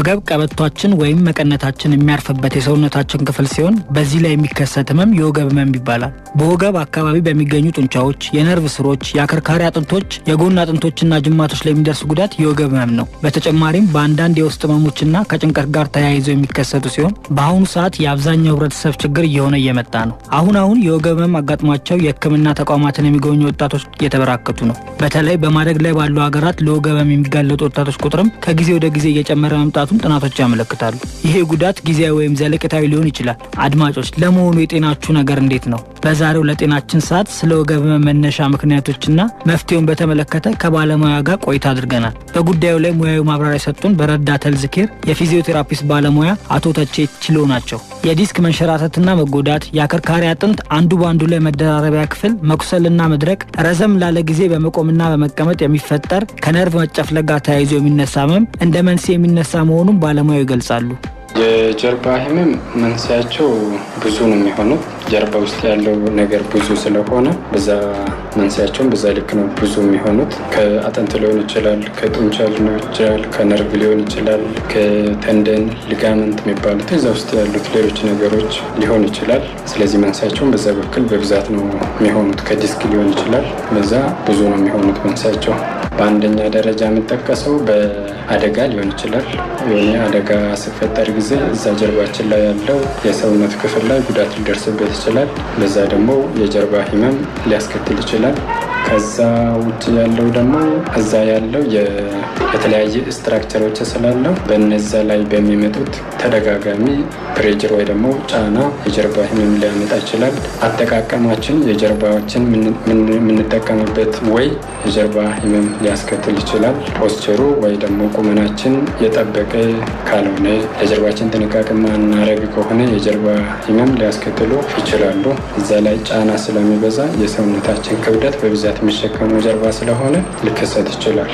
ወገብ ቀበቷችን ወይም መቀነታችን የሚያርፍበት የሰውነታችን ክፍል ሲሆን በዚህ ላይ የሚከሰት ህመም የወገብ ህመም ይባላል። በወገብ አካባቢ በሚገኙ ጡንቻዎች፣ የነርቭ ስሮች፣ የአከርካሪ አጥንቶች፣ የጎን አጥንቶችና ጅማቶች ላይ የሚደርስ ጉዳት የወገብ ህመም ነው። በተጨማሪም በአንዳንድ የውስጥ ህመሞችና ከጭንቀት ጋር ተያይዘው የሚከሰቱ ሲሆን በአሁኑ ሰዓት የአብዛኛው ህብረተሰብ ችግር እየሆነ እየመጣ ነው። አሁን አሁን የወገብ ህመም አጋጥሟቸው የህክምና ተቋማትን የሚገኙ ወጣቶች እየተበራከቱ ነው። በተለይ በማደግ ላይ ባሉ ሀገራት ለወገብ ህመም የሚጋለጡ ወጣቶች ቁጥርም ከጊዜ ወደ ጊዜ እየጨመረ መምጣቱ መጎዳቱን ጥናቶች ያመለክታሉ። ይሄ ጉዳት ጊዜያዊ ወይም ዘለቄታዊ ሊሆን ይችላል። አድማጮች፣ ለመሆኑ የጤናችሁ ነገር እንዴት ነው? በዛሬው ለጤናችን ሰዓት ስለ ወገብ መነሻ ምክንያቶችና መፍትሄውን በተመለከተ ከባለሙያ ጋር ቆይታ አድርገናል። በጉዳዩ ላይ ሙያዊ ማብራሪያ የሰጡን በረዳት ተልዝኬር ኬር የፊዚዮቴራፒስት ባለሙያ አቶ ተቼ ችሎ ናቸው። የዲስክ መንሸራተትና መጎዳት፣ የአከርካሪ አጥንት አንዱ በአንዱ ላይ መደራረቢያ ክፍል መኩሰልና መድረቅ፣ ረዘም ላለ ጊዜ በመቆምና በመቀመጥ የሚፈጠር ከነርቭ መጨፍለጋ ተያይዞ የሚነሳ ህመም እንደ መንስኤ የሚነሳ መሆኑን ባለሙያው ይገልጻሉ። የጀርባ ህመም መንስያቸው ብዙ ነው የሚሆኑት። ጀርባ ውስጥ ያለው ነገር ብዙ ስለሆነ በዛ መንስያቸውን በዛ ልክ ነው ብዙ የሚሆኑት። ከአጥንት ሊሆን ይችላል፣ ከጡንቻ ሊሆን ይችላል፣ ከነርቭ ሊሆን ይችላል፣ ከተንደን ሊጋመንት የሚባሉት እዛ ውስጥ ያሉት ሌሎች ነገሮች ሊሆን ይችላል። ስለዚህ መንስያቸውን በዛ በኩል በብዛት ነው የሚሆኑት። ከዲስክ ሊሆን ይችላል፣ በዛ ብዙ ነው የሚሆኑት መንስያቸው በአንደኛ ደረጃ የምጠቀሰው በአደጋ ሊሆን ይችላል። የሆነ አደጋ ሲፈጠር ጊዜ እዛ ጀርባችን ላይ ያለው የሰውነት ክፍል ላይ ጉዳት ሊደርስበት ይችላል። በዛ ደግሞ የጀርባ ህመም ሊያስከትል ይችላል። ከዛ ውጭ ያለው ደግሞ እዛ ያለው የተለያየ ስትራክቸሮች ስላለው በነዛ ላይ በሚመጡት ተደጋጋሚ ፕሬጅር ወይ ደግሞ ጫና የጀርባ ህመም ሊያመጣ ይችላል። አጠቃቀማችን የጀርባዎችን የምንጠቀምበት ወይ የጀርባ ህመም ሊያስከትል ይችላል። ፖስቸሩ ወይ ደግሞ ቁመናችን የጠበቀ ካልሆነ የጀርባችን ጥንቃቄ ማናረግ ከሆነ የጀርባ ህመም ሊያስከትሉ ይችላሉ። እዛ ላይ ጫና ስለሚበዛ የሰውነታችን ክብደት በብዛት የሚሸከመው ጀርባ ስለሆነ ሊከሰት ይችላል።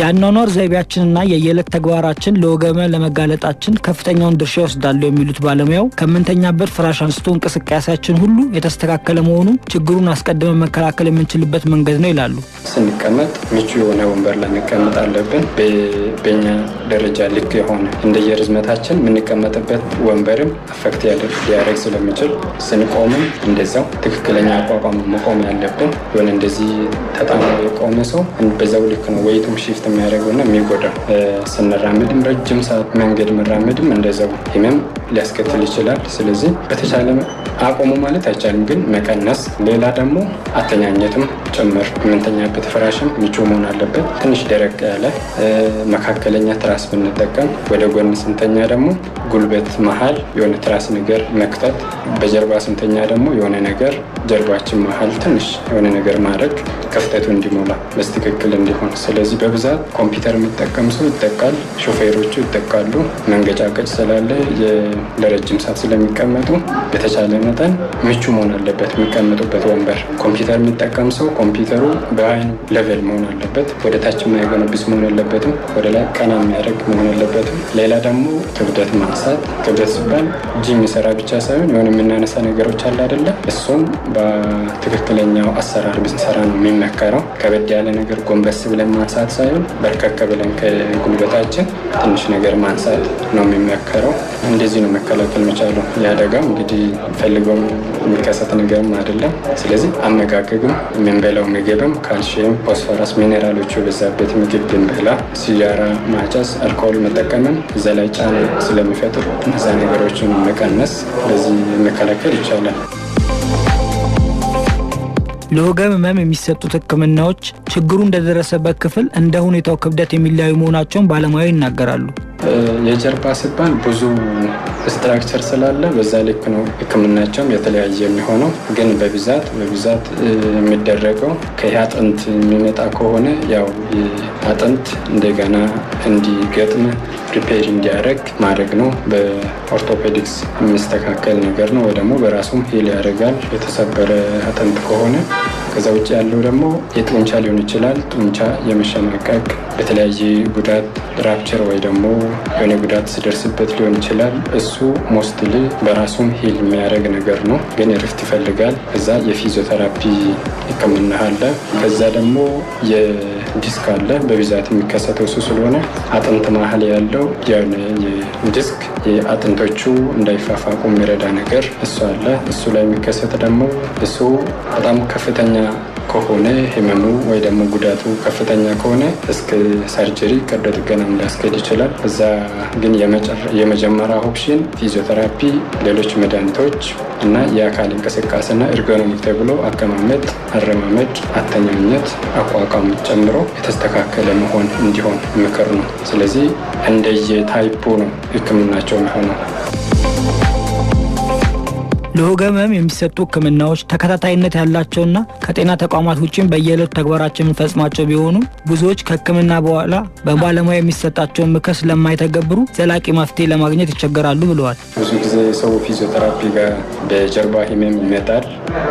የአኗኗር ዘይቤያችንና የየዕለት ተግባራችን ለወገመ ለመጋለጣችን ከፍተኛውን ድርሻ ይወስዳሉ የሚሉት ባለሙያው ከምንተኛበት ፍራሽ አንስቶ እንቅስቃሴያችን ሁሉ የተስተካከለ መሆኑ ችግሩን አስቀድመን መከላከል የምንችልበት መንገድ ነው ይላሉ። ስንቀመጥ ምቹ የሆነ ወንበር ላይ መቀመጥ አለብን። በኛ ደረጃ ልክ የሆነ እንደየርዝመታችን የምንቀመጥበት ወንበርም አፈክት ሊያደርግ ስለሚችል ስንቆምም እንደዛው ትክክለኛ አቋቋም መቆም ያለብን የሆነ እንደዚህ ተጣሞ የቆመ ሰው በዛው ልክ ነው ወይቱም ሺፍት አፌክት የሚያደርገውና የሚጎዳው። ስንራመድም ረጅም ሰዓት መንገድ መራመድም እንደዛው ህመም ሊያስከትል ይችላል። ስለዚህ በተቻለ አቆሙ ማለት አይቻልም፣ ግን መቀነስ። ሌላ ደግሞ አተኛኘትም ጭምር። የምንተኛበት ፍራሽም ምቹ መሆን አለበት። ትንሽ ደረቅ ያለ መካከለኛ ትራስ ብንጠቀም፣ ወደ ጎን ስንተኛ ደግሞ ጉልበት መሀል የሆነ ትራስ ነገር መክተት፣ በጀርባ ስንተኛ ደግሞ የሆነ ነገር ጀርባችን መሀል ትንሽ የሆነ ነገር ማድረግ ክፍተቱ እንዲሞላ በስትክክል እንዲሆን። ስለዚህ በብዛት ኮምፒውተር የሚጠቀም ሰው ይጠቃል፣ ሾፌሮቹ ይጠቃሉ። መንገጫቀጭ ስላለ ለረጅም ሰዓት ስለሚቀመጡ በተቻለ መጠን ምቹ መሆን አለበት የሚቀመጡበት ወንበር። ኮምፒውተር የሚጠቀም ሰው ኮምፒውተሩ በአይን ሌቨል መሆን አለበት። ወደ ታች የማይጎነብስ መሆን የለበትም። ወደ ላይ ቀና የሚያደርግ መሆን የለበትም። ሌላ ደግሞ ክብደት ማንሳት። ክብደት ሲባል ጂም የሚሰራ ብቻ ሳይሆን የሆነ የምናነሳ ነገሮች አለ አይደለ? እሱም በትክክለኛው አሰራር ብንሰራ ነው የሚመከረው። ከበድ ያለ ነገር ጎንበስ ብለን ማንሳት ሳይሆን በርከከ ብለን ከጉልበታችን ትንሽ ነገር ማንሳት ነው የሚመከረው። እንደዚህ ነው መከላከል መቻሉ። የአደጋው እንግዲህ ፈልገው የሚከሰት ነገርም አይደለም። ስለዚህ አመጋገግም የምንበ የምንበላው ምግብም ካልሽየም፣ ፎስፈረስ፣ ሚኔራሎቹ የበዛበት ምግብ ብንበላ፣ ሲጃራ ማጨስ፣ አልኮል መጠቀምን እዛ ላይ ጫና ስለሚፈጥሩ እነዛ ነገሮችን መቀነስ በዚህ መከላከል ይቻላል። ለወገብ ህመም የሚሰጡት ህክምናዎች ችግሩ እንደደረሰበት ክፍል እንደ ሁኔታው ክብደት የሚለያዩ መሆናቸውን ባለሙያው ይናገራሉ። የጀርባ ሲባል ብዙ ስትራክቸር ስላለ በዛ ልክ ነው ህክምናቸውም የተለያየ የሚሆነው። ግን በብዛት በብዛት የሚደረገው ከይህ አጥንት የሚመጣ ከሆነ ያው አጥንት እንደገና እንዲገጥም ሪፔር እንዲያደረግ ማድረግ ነው። በኦርቶፔዲክስ የሚስተካከል ነገር ነው ወይ ደግሞ በራሱም ሂል ያደርጋል የተሰበረ አጥንት ከሆነ ከዛ ውጭ ያለው ደግሞ የጡንቻ ሊሆን ይችላል። ጡንቻ የመሸማቀቅ በተለያየ ጉዳት ራፕቸር ወይ ደግሞ የሆነ ጉዳት ሲደርስበት ሊሆን ይችላል። እሱ ሞስትሊ በራሱም ሂል የሚያደርግ ነገር ነው፣ ግን እረፍት ይፈልጋል። ከዛ የፊዚዮቴራፒ ሕክምና አለ። ከዛ ደግሞ የዲስክ አለ። በብዛት የሚከሰተው እሱ ስለሆነ አጥንት መሀል ያለው የሆነ ዲስክ የአጥንቶቹ እንዳይፋፋቁ የሚረዳ ነገር እሱ አለ። እሱ ላይ የሚከሰት ደግሞ እሱ በጣም ከፍተኛ ከሆነ ህመሙ ወይ ደግሞ ጉዳቱ ከፍተኛ ከሆነ እስከ ሰርጀሪ ቀዶ ጥገና ሊያስገድ ይችላል። እዛ ግን የመጀመሪያ ኦፕሽን ፊዚዮተራፒ፣ ሌሎች መድኃኒቶች እና የአካል እንቅስቃሴና ኤርጎኖሚክ ተብሎ አቀማመጥ፣ አረማመድ፣ አተኛኘት፣ አቋቋም ጨምሮ የተስተካከለ መሆን እንዲሆን ምክር ነው። ስለዚህ እንደየ ታይፑ ነው ህክምናቸው የሚሆነው። ለወገብ ህመም የሚሰጡ ህክምናዎች ተከታታይነት ያላቸውና ከጤና ተቋማት ውጭም በየዕለቱ ተግባራቸው የምንፈጽማቸው ቢሆኑም ብዙዎች ከህክምና በኋላ በባለሙያ የሚሰጣቸውን ምክር ስለማይተገብሩ ዘላቂ መፍትሄ ለማግኘት ይቸገራሉ ብለዋል። ብዙ ጊዜ ሰው ፊዚዮተራፒ ጋር በጀርባ ህመም ይመጣል።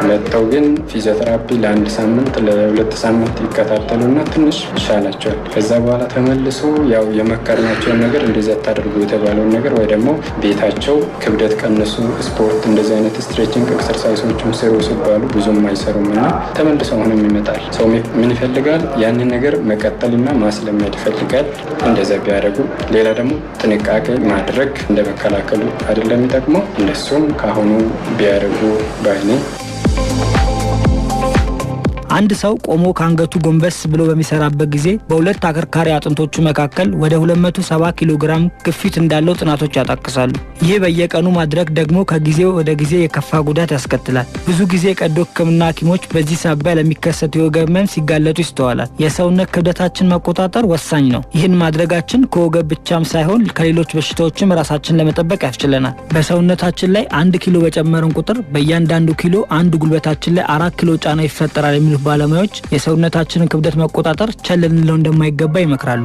መጥተው ግን ፊዚዮቴራፒ ለአንድ ሳምንት ለሁለት ሳምንት ይከታተሉና ትንሽ ይሻላቸዋል። ከዛ በኋላ ተመልሶ ያው የመከርናቸውን ነገር እንደዚያ ታደርጉ የተባለውን ነገር ወይ ደግሞ ቤታቸው ክብደት ቀንሱ፣ ስፖርት እንደዚህ አይነት አይነት ስትሬችንግ ኤክሰርሳይሶችም ስሩ ሲባሉ ብዙም አይሰሩም እና ተመልሶ አሁንም ይመጣል። ሰው ምን ይፈልጋል? ያንን ነገር መቀጠልና ማስለመድ ይፈልጋል። እንደዛ ቢያደርጉ፣ ሌላ ደግሞ ጥንቃቄ ማድረግ እንደ መከላከሉ አይደለም የሚጠቅመው፣ እንደሱም ከአሁኑ ቢያደርጉ ባይ አንድ ሰው ቆሞ ከአንገቱ ጎንበስ ብሎ በሚሰራበት ጊዜ በሁለት አከርካሪ አጥንቶቹ መካከል ወደ 270 ኪሎ ግራም ግፊት እንዳለው ጥናቶች ያጣቅሳሉ። ይህ በየቀኑ ማድረግ ደግሞ ከጊዜ ወደ ጊዜ የከፋ ጉዳት ያስከትላል። ብዙ ጊዜ ቀዶ ሕክምና ሐኪሞች በዚህ ሳቢያ ለሚከሰት የወገብ ህመም ሲጋለጡ ይስተዋላል። የሰውነት ክብደታችን መቆጣጠር ወሳኝ ነው። ይህን ማድረጋችን ከወገብ ብቻም ሳይሆን ከሌሎች በሽታዎችም ራሳችን ለመጠበቅ ያስችለናል። በሰውነታችን ላይ አንድ ኪሎ በጨመረን ቁጥር በእያንዳንዱ ኪሎ አንድ ጉልበታችን ላይ አራት ኪሎ ጫና ይፈጠራል የሚሉ ባለሙያዎች የሰውነታችንን ክብደት መቆጣጠር ቸል ልንለው እንደማይገባ ይመክራሉ።